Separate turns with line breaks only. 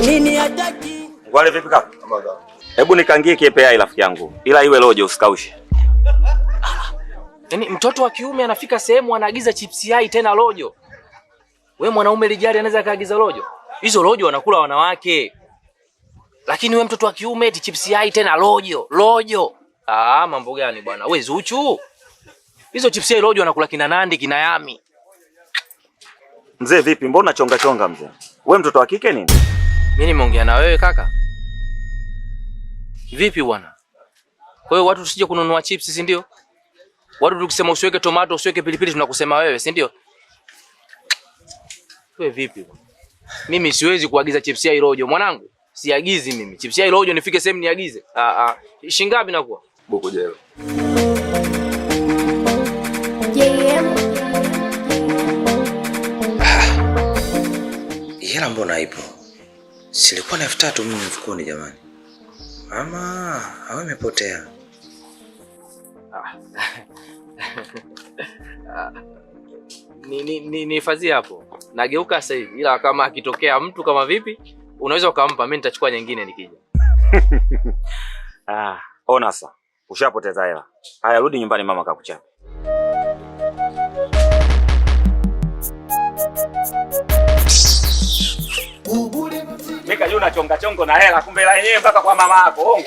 nini hataki?
Ngwale vipi kaka? Hebu nikangie KPI rafiki yangu, ila iwe loje usikaushe.
Yaani mtoto wa kiume anafika sehemu anaagiza chips yai tena rojo. We mwanaume lijali anaweza kaagiza rojo? Hizo rojo wanakula wanawake. Lakini we mtoto wa kiume eti chips yai tena rojo, rojo. Ah, mambo gani bwana? We Zuchu. Hizo chips yai rojo wanakula kina Nandi, kina Yami.
Mzee vipi? Mbona chonga chonga mzee? We mtoto wa kike nini?
Mimi nimeongea na wewe kaka. Vipi bwana? Kwa hiyo watu tusije kununua chips, si ndio? Watu tukisema usiweke tomato, usiweke pilipili, tunakusema wewe, si ndio? Wewe vipi bwana? Mimi siwezi kuagiza chips ya irojo mwanangu. Siagizi mimi. Chips ya irojo nifike sehemu niagize. Ah ah. Shingapi nakuwa?
Boko jelo.
Ah. Hela mbona ipo? Silikuwa na elfu tatu mimi mfukoni jamani. Mama, hawa imepotea. Ah.
Ni nihifadhie hapo, nageuka sasa hivi, ila kama akitokea mtu kama vipi, unaweza ukampa, mi nitachukua nyingine nikija.
Ah, ona sasa, ushapoteza hela. Haya, rudi nyumbani, mama kakuchapa. nikajua unachonga chongo na hela, kumbe la yenyewe mpaka kwa mama yako.